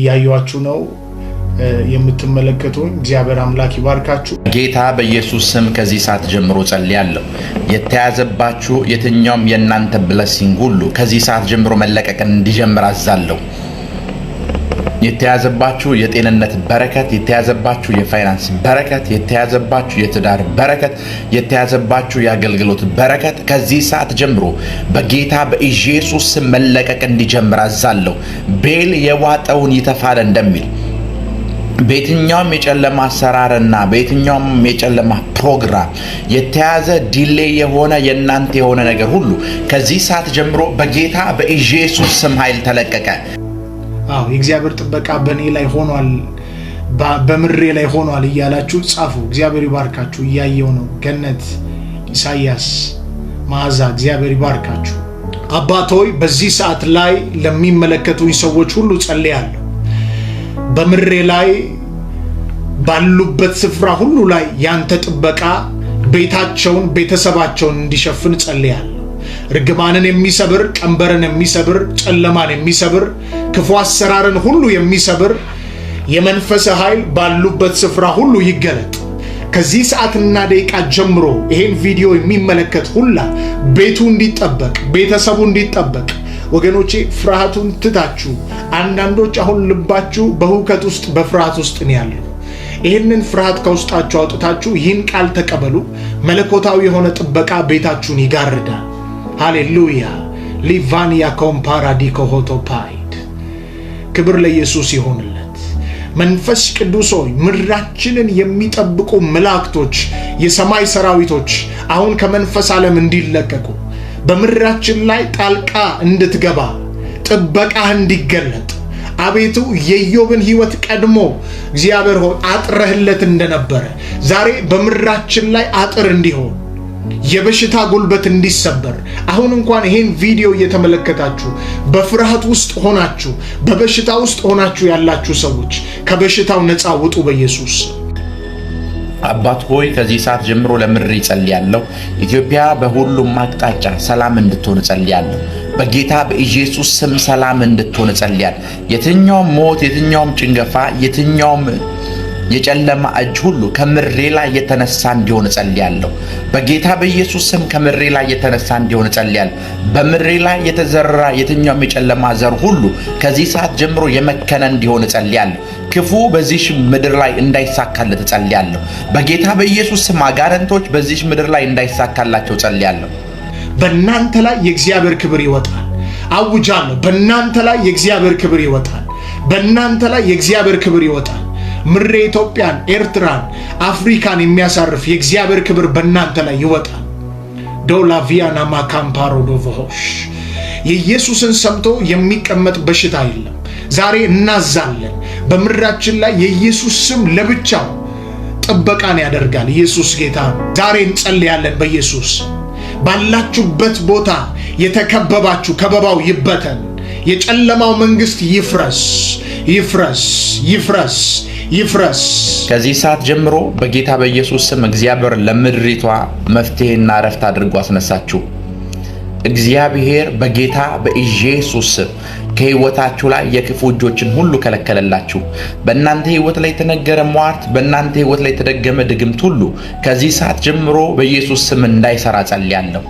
እያዩችሁ ነው የምትመለከቱኝ። እግዚአብሔር አምላክ ይባርካችሁ። ጌታ በኢየሱስ ስም ከዚህ ሰዓት ጀምሮ ጸልያለሁ። የተያዘባችሁ የትኛውም የእናንተ ብለሲንግ ሁሉ ከዚህ ሰዓት ጀምሮ መለቀቅን እንዲጀምር አዛለሁ። የተያዘባችሁ የጤንነት በረከት፣ የተያዘባችሁ የፋይናንስ በረከት፣ የተያዘባችሁ የትዳር በረከት፣ የተያዘባችሁ የአገልግሎት በረከት ከዚህ ሰዓት ጀምሮ በጌታ በኢየሱስ መለቀቅ እንዲጀምር አዛለሁ። ቤል የዋጠውን ይተፋል እንደሚል በየትኛውም የጨለማ አሰራርና በየትኛውም የጨለማ ፕሮግራም የተያዘ ዲሌ የሆነ የእናንተ የሆነ ነገር ሁሉ ከዚህ ሰዓት ጀምሮ በጌታ በኢየሱስ ስም ኃይል ተለቀቀ። አዎ የእግዚአብሔር ጥበቃ በእኔ ላይ ሆኗል፣ በምሬ ላይ ሆኗል እያላችሁ ጻፉ። እግዚአብሔር ይባርካችሁ። እያየው ነው። ገነት ኢሳያስ መዓዛ፣ እግዚአብሔር ይባርካችሁ። አባቶይ በዚህ ሰዓት ላይ ለሚመለከቱኝ ሰዎች ሁሉ ጸልያለሁ። በምሬ ላይ ባሉበት ስፍራ ሁሉ ላይ ያንተ ጥበቃ ቤታቸውን ቤተሰባቸውን እንዲሸፍን ጸልያለሁ። ርግማንን የሚሰብር ቀንበርን የሚሰብር ጨለማን የሚሰብር ክፉ አሰራርን ሁሉ የሚሰብር የመንፈስ ኃይል ባሉበት ስፍራ ሁሉ ይገለጥ። ከዚህ ሰዓትና ደቂቃ ጀምሮ ይሄን ቪዲዮ የሚመለከት ሁላ ቤቱ እንዲጠበቅ፣ ቤተሰቡ እንዲጠበቅ ወገኖቼ ፍርሃቱን ትታችሁ አንዳንዶች አሁን ልባችሁ በሁከት ውስጥ በፍርሃት ውስጥ ነው ያለው። ይህንን ፍርሃት ከውስጣችሁ አውጥታችሁ ይህን ቃል ተቀበሉ። መለኮታዊ የሆነ ጥበቃ ቤታችሁን ይጋርዳል። ሃሌሉያ ሊቫንያ ኮምፓራዲኮ ሆቶፓይድ ክብር ለኢየሱስ ይሆንልን። መንፈስ ቅዱስ ሆይ ምድራችንን የሚጠብቁ መላእክቶች፣ የሰማይ ሰራዊቶች አሁን ከመንፈስ ዓለም እንዲለቀቁ በምድራችን ላይ ጣልቃ እንድትገባ ጥበቃህ እንዲገለጥ አቤቱ የዮብን ሕይወት ቀድሞ እግዚአብሔር ሆይ አጥረህለት እንደነበረ ዛሬ በምድራችን ላይ አጥር እንዲሆን የበሽታ ጉልበት እንዲሰበር አሁን እንኳን ይሄን ቪዲዮ እየተመለከታችሁ በፍርሃት ውስጥ ሆናችሁ በበሽታ ውስጥ ሆናችሁ ያላችሁ ሰዎች ከበሽታው ነፃ ውጡ በኢየሱስ አባት ሆይ ከዚህ ሰዓት ጀምሮ ለምድር እጸልያለሁ። ኢትዮጵያ በሁሉም አቅጣጫ ሰላም እንድትሆን እጸልያለሁ። በጌታ በኢየሱስ ስም ሰላም እንድትሆን እጸልያለሁ። የትኛውም ሞት፣ የትኛውም ጭንገፋ፣ የትኛውም የጨለማ እጅ ሁሉ ከምሬ ላይ የተነሳ እንዲሆን እጸልያለሁ። በጌታ በኢየሱስ ስም ከምሬ ላይ የተነሳ እንዲሆን እጸልያለሁ። በምሬ ላይ የተዘራ የትኛውም የጨለማ ዘር ሁሉ ከዚህ ሰዓት ጀምሮ የመከነ እንዲሆን እጸልያለሁ። ክፉ በዚህ ምድር ላይ እንዳይሳካለት እጸልያለሁ። በጌታ በኢየሱስ ስም አጋረንቶች በዚህ ምድር ላይ እንዳይሳካላቸው እጸልያለሁ። በእናንተ ላይ የእግዚአብሔር ክብር ይወጣል። አውጃለሁ። በእናንተ ላይ የእግዚአብሔር ክብር ይወጣል። በእናንተ ላይ የእግዚአብሔር ክብር ይወጣል። ምድረ ኢትዮጵያን፣ ኤርትራን፣ አፍሪካን የሚያሳርፍ የእግዚአብሔር ክብር በእናንተ ላይ ይወጣል። ዶላ ቪያና ማካምፓሮ ዶቮሆሽ የኢየሱስን ሰምቶ የሚቀመጥ በሽታ የለም። ዛሬ እናዛለን። በምድራችን ላይ የኢየሱስ ስም ለብቻው ጥበቃን ያደርጋል። ኢየሱስ ጌታ ነው። ዛሬ እንጸልያለን። በኢየሱስ ባላችሁበት ቦታ የተከበባችሁ ከበባው ይበተን። የጨለማው መንግሥት ይፍረስ፣ ይፍረስ፣ ይፍረስ። ይፍረስ። ከዚህ ሰዓት ጀምሮ በጌታ በኢየሱስ ስም እግዚአብሔር ለምድሪቷ መፍትሄና እረፍት አድርጎ አስነሳችሁ። እግዚአብሔር በጌታ በኢየሱስ ስም ላይ የክፉ እጆችን ሁሉ ከለከለላችሁ። በእናንተ ህይወት ላይ የተነገረ ሟርት፣ በእናንተ ህይወት ላይ የተደገመ ድግምት ሁሉ ከዚህ ሰዓት ጀምሮ በኢየሱስ ስም እንዳይሰራ ጸልያለሁ።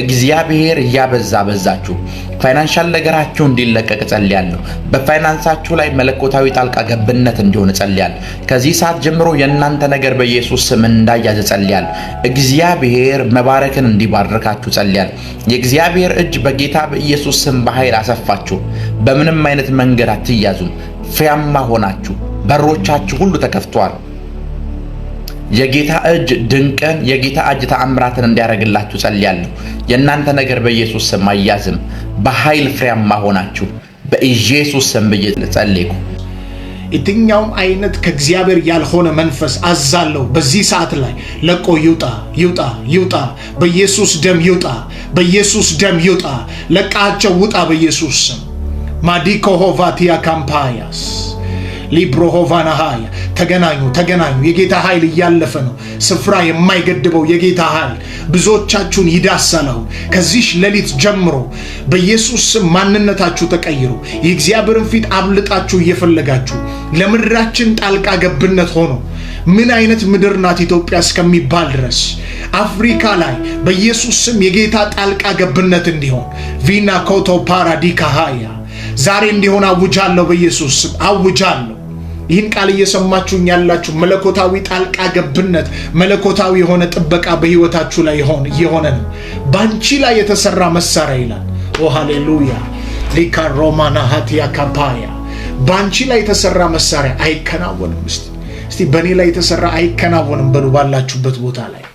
እግዚአብሔር እያበዛ በዛችሁ ፋይናንሻል ነገራችሁ እንዲለቀቅ ጸልያለሁ። በፋይናንሳችሁ ላይ መለኮታዊ ጣልቃ ገብነት እንዲሆን እጸልያለሁ። ከዚህ ሰዓት ጀምሮ የእናንተ ነገር በኢየሱስ ስም እንዳያዝ እጸልያለሁ። እግዚአብሔር መባረክን እንዲባርካችሁ እጸልያለሁ። የእግዚአብሔር እጅ በጌታ በኢየሱስ ስም በኃይል አሰፋችሁ። በምንም አይነት መንገድ አትያዙም። ፍያማ ሆናችሁ በሮቻችሁ ሁሉ ተከፍተዋል። የጌታ እጅ ድንቅን የጌታ እጅ ተአምራትን እንዲያደርግላችሁ ጸልያለሁ። የእናንተ ነገር በኢየሱስ ስም አያዝም። በኃይል ፍሬያማ ሆናችሁ በኢየሱስ ስም ብዬ ጸልይኩ። የትኛውም አይነት ከእግዚአብሔር ያልሆነ መንፈስ አዛለሁ። በዚህ ሰዓት ላይ ለቆ ይውጣ፣ ይውጣ፣ ይውጣ! በኢየሱስ ደም ይውጣ፣ በኢየሱስ ደም ይውጣ! ለቃቸው ውጣ፣ በኢየሱስ ስም ማዲኮሆቫቲያ ካምፓያስ ሊብሮሆቫናሃያ ተገናኙ ተገናኙ። የጌታ ኃይል እያለፈ ነው። ስፍራ የማይገድበው የጌታ ኃይል ብዙዎቻችሁን ይዳሳል። አሁን ከዚሽ ሌሊት ጀምሮ በኢየሱስ ስም ማንነታችሁ ተቀይሮ የእግዚአብሔርን ፊት አብልጣችሁ እየፈለጋችሁ ለምድራችን ጣልቃ ገብነት ሆኖ ምን አይነት ምድር ናት ኢትዮጵያ እስከሚባል ድረስ አፍሪካ ላይ በኢየሱስ ስም የጌታ ጣልቃ ገብነት እንዲሆን ቪና ኮቶ ፓራዲካ ሃያ ዛሬ እንዲሆን አውጃለሁ። በኢየሱስ ስም አውጃለሁ። ይህን ቃል እየሰማችሁኝ ያላችሁ መለኮታዊ ጣልቃ ገብነት፣ መለኮታዊ የሆነ ጥበቃ በህይወታችሁ ላይ እየሆነ ነው። ባንቺ ላይ የተሰራ መሳሪያ ይላል። ኦ ሃሌሉያ! ሊካ ሮማና ሀቲያ ካፓያ ባንቺ ላይ የተሰራ መሳሪያ አይከናወንም። እስቲ እስቲ በእኔ ላይ የተሰራ አይከናወንም በሉ ባላችሁበት ቦታ ላይ